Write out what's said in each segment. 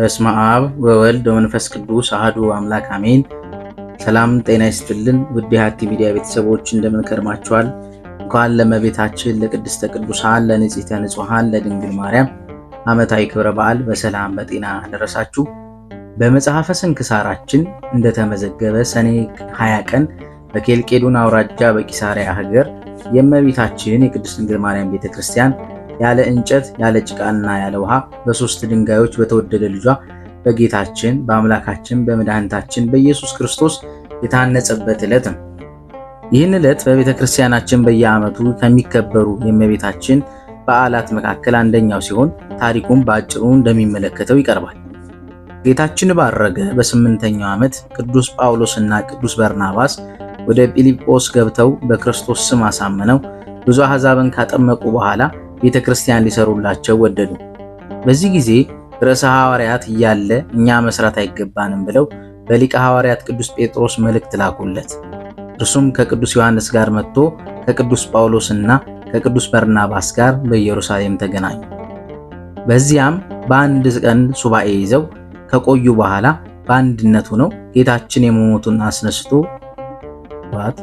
በስመ አብ ወወልድ ወመንፈስ ቅዱስ አህዱ አምላክ አሜን። ሰላም ጤና ይስጥልን። ውድ የሀቲ ሚዲያ ቤተሰቦች እንደምን ከርማችኋል? እንኳን ለእመቤታችን ለቅድስተ ቅዱሳን ለንጽሕተ ንጹሐን ለድንግል ማርያም ዓመታዊ ክብረ በዓል በሰላም በጤና ደረሳችሁ። በመጽሐፈ ስንክሳራችን እንደተመዘገበ ሰኔ 20 ቀን በኬልቄዶን አውራጃ በቂሳሪያ ሀገር የእመቤታችን የቅድስት ድንግል ማርያም ቤተክርስቲያን ያለ እንጨት ያለ ጭቃና ያለ ውሃ በሶስት ድንጋዮች በተወደደ ልጇ በጌታችን በአምላካችን በመድኃኒታችን በኢየሱስ ክርስቶስ የታነጸበት ዕለት ነው። ይህን ዕለት በቤተ ክርስቲያናችን በየዓመቱ ከሚከበሩ የእመቤታችን በዓላት መካከል አንደኛው ሲሆን ታሪኩም በአጭሩ እንደሚመለከተው ይቀርባል። ጌታችን ባረገ በስምንተኛው ዓመት ቅዱስ ጳውሎስና ቅዱስ በርናባስ ወደ ጲልጶስ ገብተው በክርስቶስ ስም አሳምነው ብዙ አሕዛብን ካጠመቁ በኋላ ቤተ ክርስቲያን ሊሰሩላቸው ወደዱ። በዚህ ጊዜ ርዕሰ ሐዋርያት እያለ እኛ መስራት አይገባንም ብለው በሊቀ ሐዋርያት ቅዱስ ጴጥሮስ መልእክት ላኩለት። እርሱም ከቅዱስ ዮሐንስ ጋር መጥቶ ከቅዱስ ጳውሎስና ከቅዱስ በርናባስ ጋር በኢየሩሳሌም ተገናኙ። በዚያም በአንድ ቀን ሱባኤ ይዘው ከቆዩ በኋላ በአንድነት ሆነው ጌታችን የመሞቱን አስነስቶ ት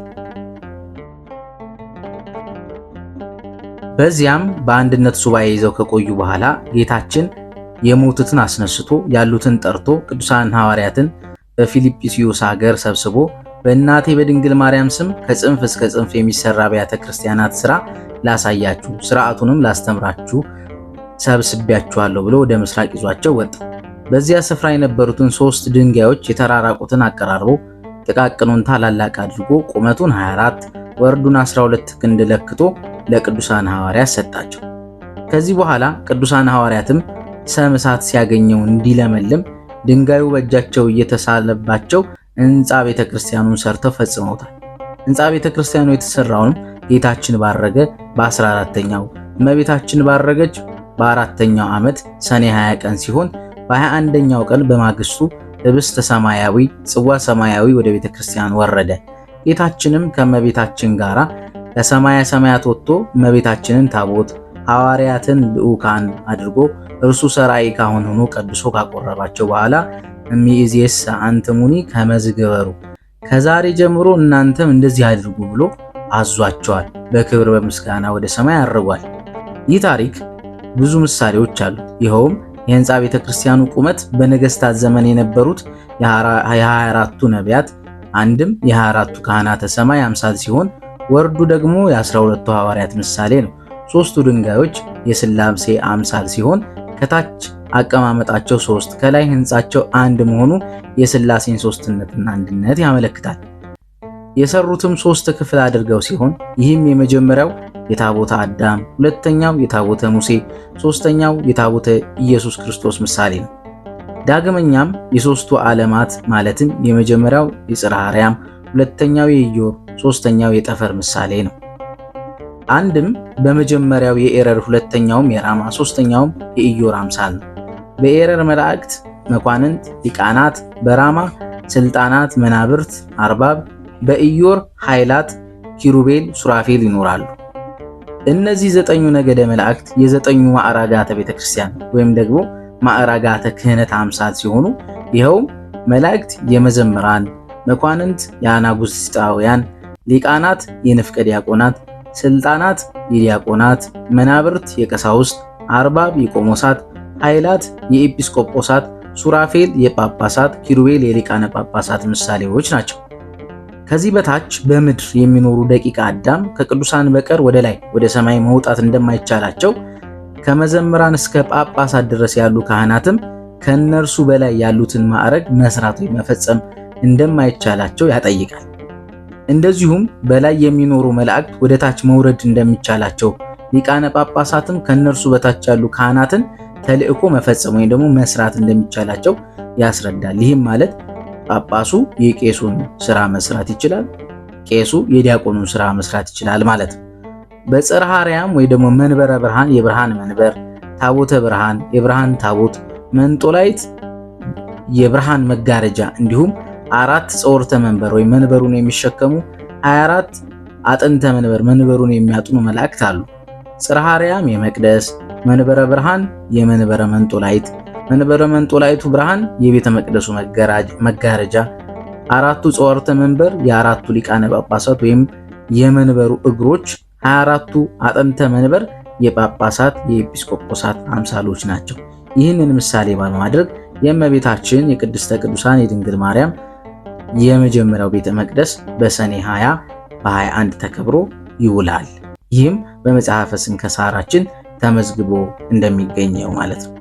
በዚያም በአንድነት ሱባኤ ይዘው ከቆዩ በኋላ ጌታችን የሞቱትን አስነስቶ ያሉትን ጠርቶ ቅዱሳን ሐዋርያትን በፊልጵስዩስ ሀገር ሰብስቦ በእናቴ በድንግል ማርያም ስም ከጽንፍ እስከ ጽንፍ የሚሰራ አብያተ ክርስቲያናት ስራ ላሳያችሁ፣ ስርዓቱንም ላስተምራችሁ ሰብስቢያችኋለሁ ብሎ ወደ ምስራቅ ይዟቸው ወጣ። በዚያ ስፍራ የነበሩትን ሶስት ድንጋዮች የተራራቁትን አቀራርቦ ጥቃቅኑን ታላላቅ አድርጎ ቁመቱን 24 ወርዱን 12 ክንድ ለክቶ ለቅዱሳን ሐዋርያት ሰጣቸው። ከዚህ በኋላ ቅዱሳን ሐዋርያትም ሰም እሳት ሲያገኘው እንዲለመልም ድንጋዩ በእጃቸው እየተሳለባቸው ሕንፃ ቤተ ክርስቲያኑን ሰርተው ፈጽመውታል። ሕንፃ ቤተ ክርስቲያኑ የተሰራውም ጌታችን ባረገ በ14ተኛው እመቤታችን ባረገች በአራተኛው ዓመት ሰኔ 20 ቀን ሲሆን በ21ኛው ቀን በማግስቱ ህብስተ ሰማያዊ ጽዋ ሰማያዊ ወደ ቤተ ክርስቲያን ወረደ። ጌታችንም ከእመቤታችን ጋራ ከሰማያ ሰማያት ወጥቶ እመቤታችንን ታቦት ሐዋርያትን ልዑካን አድርጎ እርሱ ሰራይ ካሁን ሆኖ ቀድሶ ካቆረባቸው በኋላ እሚእዜሰ አንትሙኒ ከመዝግበሩ ከዛሬ ጀምሮ እናንተም እንደዚህ አድርጉ ብሎ አዟቸዋል። በክብር በምስጋና ወደ ሰማይ አርጓል። ይህ ታሪክ ብዙ ምሳሌዎች አሉት። ይኸውም የህንፃ ቤተ ክርስቲያኑ ቁመት በነገስታት ዘመን የነበሩት የ24ቱ ነቢያት አንድም የ24ቱ ካህናተ ሰማይ አምሳል ሲሆን ወርዱ ደግሞ የአስራ ሁለቱ ሐዋርያት ምሳሌ ነው። ሶስቱ ድንጋዮች የስላሴ አምሳል ሲሆን ከታች አቀማመጣቸው ሶስት ከላይ ህንጻቸው አንድ መሆኑ የስላሴን ሶስትነትና አንድነት ያመለክታል። የሰሩትም ሶስት ክፍል አድርገው ሲሆን ይህም የመጀመሪያው የታቦተ አዳም፣ ሁለተኛው የታቦተ ሙሴ፣ ሶስተኛው የታቦተ ኢየሱስ ክርስቶስ ምሳሌ ነው። ዳግመኛም የሶስቱ ዓለማት ማለትም የመጀመሪያው የጽርሐ አርያም ሁለተኛው የኢዮብ፣ ሶስተኛው የጠፈር ምሳሌ ነው። አንድም በመጀመሪያው የኤረር ሁለተኛውም የራማ ሶስተኛውም የኢዮር አምሳል ነው። በኤረር መላእክት፣ መኳንንት፣ ሊቃናት፣ በራማ ስልጣናት፣ መናብርት፣ አርባብ፣ በኢዮር ኃይላት፣ ኪሩቤል፣ ሱራፌል ይኖራሉ። እነዚህ ዘጠኙ ነገደ መላእክት የዘጠኙ ማዕራጋተ ቤተክርስቲያን ወይም ደግሞ ማዕራጋተ ክህነት አምሳል ሲሆኑ ይኸውም መላእክት የመዘምራን መኳንንት የአናጉስጣውያን፣ ሊቃናት የንፍቀ ዲያቆናት፣ ስልጣናት የዲያቆናት፣ መናብርት የቀሳውስት፣ አርባብ የቆሞሳት፣ ኃይላት የኤጲስቆጶሳት፣ ሱራፌል የጳጳሳት፣ ኪሩቤል የሊቃነ ጳጳሳት ምሳሌዎች ናቸው። ከዚህ በታች በምድር የሚኖሩ ደቂቀ አዳም ከቅዱሳን በቀር ወደ ላይ ወደ ሰማይ መውጣት እንደማይቻላቸው ከመዘምራን እስከ ጳጳሳት ድረስ ያሉ ካህናትም ከእነርሱ በላይ ያሉትን ማዕረግ መስራት ወይም መፈጸም እንደማይቻላቸው ያጠይቃል። እንደዚሁም በላይ የሚኖሩ መላእክት ወደ ታች መውረድ እንደሚቻላቸው፣ ሊቃነ ጳጳሳትም ከእነርሱ በታች ያሉ ካህናትን ተልእኮ መፈጸም ወይም ደግሞ መስራት እንደሚቻላቸው ያስረዳል። ይህም ማለት ጳጳሱ የቄሱን ስራ መስራት ይችላል፣ ቄሱ የዲያቆኑን ስራ መስራት ይችላል ማለት ነው። በጽርሐ አርያም ወይ ደግሞ መንበረ ብርሃን የብርሃን መንበር፣ ታቦተ ብርሃን የብርሃን ታቦት፣ መንጦላይት የብርሃን መጋረጃ እንዲሁም አራት ጾርተ መንበር ወይም መንበሩን የሚሸከሙ 24 አጥንተ መንበር መንበሩን የሚያጥኑ መላእክት አሉ። ጽርሐ አርያም የመቅደስ መንበረ ብርሃን የመንበረ መንጦላይት መንበረ መንጦላይቱ ብርሃን የቤተ መቅደሱ መጋረጃ አራቱ ጾርተ መንበር የአራቱ ሊቃነ ጳጳሳት ወይም የመንበሩ እግሮች 24ቱ አጥንተ መንበር የጳጳሳት የኤጲስቆጶሳት አምሳሎች ናቸው። ይህንን ምሳሌ ባለማድረግ የእመቤታችን የቅድስተ ቅዱሳን የድንግል ማርያም የመጀመሪያው ቤተ መቅደስ በሰኔ 20 በ21 ተከብሮ ይውላል። ይህም በመጽሐፈ ስንክሳራችን ተመዝግቦ እንደሚገኘው ማለት ነው።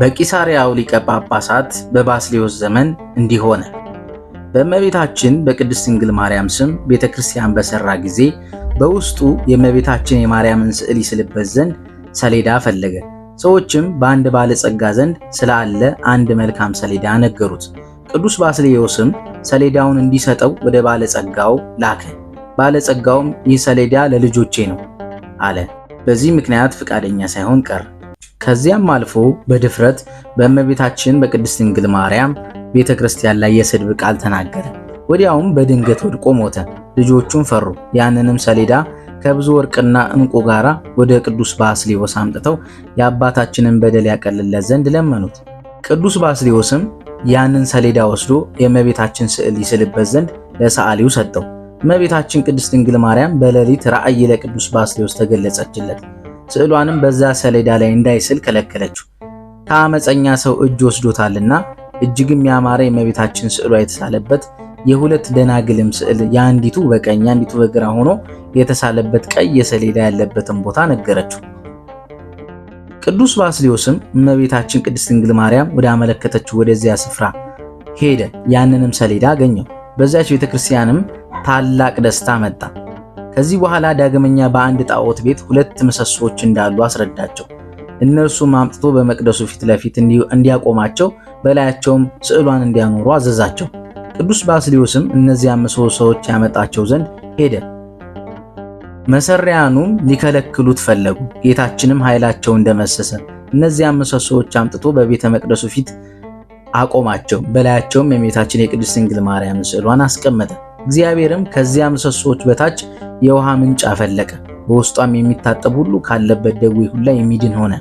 በቂሳሪያው ሊቀ ጳጳሳት በባስሌዎስ ዘመን እንዲሆነ በእመቤታችን በቅድስት ድንግል ማርያም ስም ቤተ ክርስቲያን በሠራ ጊዜ በውስጡ የእመቤታችን የማርያምን ስዕል ይስልበት ዘንድ ሰሌዳ ፈለገ። ሰዎችም በአንድ ባለጸጋ ዘንድ ስላለ አንድ መልካም ሰሌዳ ነገሩት። ቅዱስ ባስሌዎስም ሰሌዳውን እንዲሰጠው ወደ ባለጸጋው ላከ። ባለጸጋውም ይህ ሰሌዳ ለልጆቼ ነው አለ። በዚህ ምክንያት ፈቃደኛ ሳይሆን ቀረ። ከዚያም አልፎ በድፍረት በእመቤታችን በቅድስት ድንግል ማርያም ቤተ ክርስቲያን ላይ የስድብ ቃል ተናገረ። ወዲያውም በድንገት ወድቆ ሞተ። ልጆቹም ፈሩ። ያንንም ሰሌዳ ከብዙ ወርቅና እንቁ ጋር ወደ ቅዱስ ባስሊዮስ አምጥተው የአባታችንን በደል ያቀልለት ዘንድ ለመኑት። ቅዱስ ባስሊዮስም ያንን ሰሌዳ ወስዶ የእመቤታችን ስዕል ይስልበት ዘንድ ለሰዓሊው ሰጠው። እመቤታችን ቅድስት ድንግል ማርያም በሌሊት ራእይ ለቅዱስ ባስሊዮስ ተገለጸችለት። ስዕሏንም በዛ ሰሌዳ ላይ እንዳይስል ከለከለችው። ከአመፀኛ ሰው እጅ ወስዶታልና እጅግም ያማረ የእመቤታችን ስዕሏ የተሳለበት የሁለት ደናግልም ስዕል የአንዲቱ በቀኝ የአንዲቱ በግራ ሆኖ የተሳለበት ቀይ የሰሌዳ ያለበትን ቦታ ነገረችው። ቅዱስ ባስልዮስም እመቤታችን ቅድስት ድንግል ማርያም ወደ አመለከተችው ወደዚያ ስፍራ ሄደ። ያንንም ሰሌዳ አገኘው። በዚያች ቤተክርስቲያንም ታላቅ ደስታ መጣ። ከዚህ በኋላ ዳግመኛ በአንድ ጣዖት ቤት ሁለት ምሰሶዎች እንዳሉ አስረዳቸው። እነርሱም አምጥቶ በመቅደሱ ፊት ለፊት እንዲያቆማቸው በላያቸውም ስዕሏን እንዲያኖሩ አዘዛቸው። ቅዱስ ባስሊዮስም እነዚያ ምሰሶዎች ያመጣቸው ዘንድ ሄደ። መሰሪያኑም ሊከለክሉት ፈለጉ። ጌታችንም ኃይላቸው እንደመሰሰ እነዚያ ምሰሶዎች አምጥቶ በቤተ መቅደሱ ፊት አቆማቸው። በላያቸውም የእመቤታችን የቅድስት ድንግል ማርያም ስዕሏን አስቀመጠ። እግዚአብሔርም ከዚያ ምሰሶዎች በታች የውሃ ምንጭ አፈለቀ። በውስጧም የሚታጠብ ሁሉ ካለበት ደዌ ሁላ የሚድን ሆነ።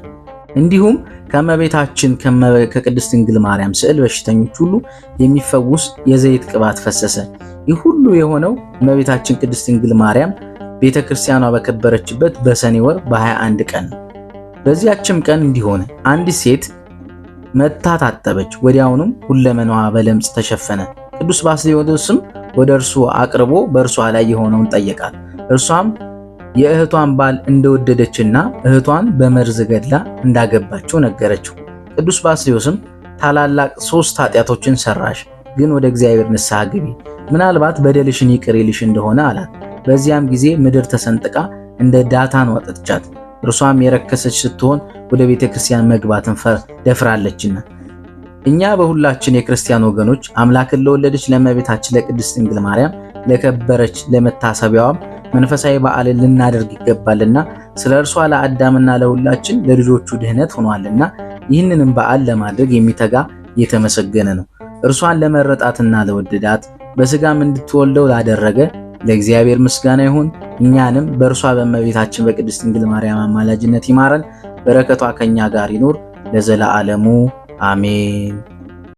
እንዲሁም ከእመቤታችን ከቅድስት ድንግል ማርያም ስዕል በሽተኞች ሁሉ የሚፈውስ የዘይት ቅባት ፈሰሰ። ይህ ሁሉ የሆነው እመቤታችን ቅድስት ድንግል ማርያም ቤተ ክርስቲያኗ በከበረችበት በሰኔ ወር በ21 ቀን ነው። በዚያችም ቀን እንዲሆነ አንድ ሴት መታ ታጠበች። ወዲያውኑም ሁለመናዋ በለምጽ ተሸፈነ። ቅዱስ ባስልዮስም ወደ እርሱ አቅርቦ በእርሷ ላይ የሆነውን ጠየቃት። እርሷም የእህቷን ባል እንደወደደችና እህቷን በመርዝ ገድላ እንዳገባችው ነገረችው። ቅዱስ ባስልዮስም ታላላቅ ሶስት ኃጢአቶችን ሰራሽ፣ ግን ወደ እግዚአብሔር ንስሐ ግቢ፣ ምናልባት በደልሽን ይቅር ይልሽ እንደሆነ አላት። በዚያም ጊዜ ምድር ተሰንጥቃ እንደ ዳታን ወጠጥቻት፣ እርሷም የረከሰች ስትሆን ወደ ቤተ ክርስቲያን መግባትን ደፍራለችና እኛ በሁላችን የክርስቲያን ወገኖች አምላክን ለወለደች ለእመቤታችን ለቅድስት ድንግል ማርያም ለከበረች ለመታሰቢያዋም መንፈሳዊ በዓልን ልናደርግ ይገባልና ስለ እርሷ ለአዳምና ለሁላችን ለልጆቹ ድህነት ሆኗልና ይህንንም በዓል ለማድረግ የሚተጋ የተመሰገነ ነው። እርሷን ለመረጣትና ለወደዳት በስጋም እንድትወልደው ላደረገ ለእግዚአብሔር ምስጋና ይሁን። እኛንም በእርሷ በእመቤታችን በቅድስት ድንግል ማርያም አማላጅነት ይማረን። በረከቷ ከኛ ጋር ለዘላ ለዘለዓለሙ አሜን።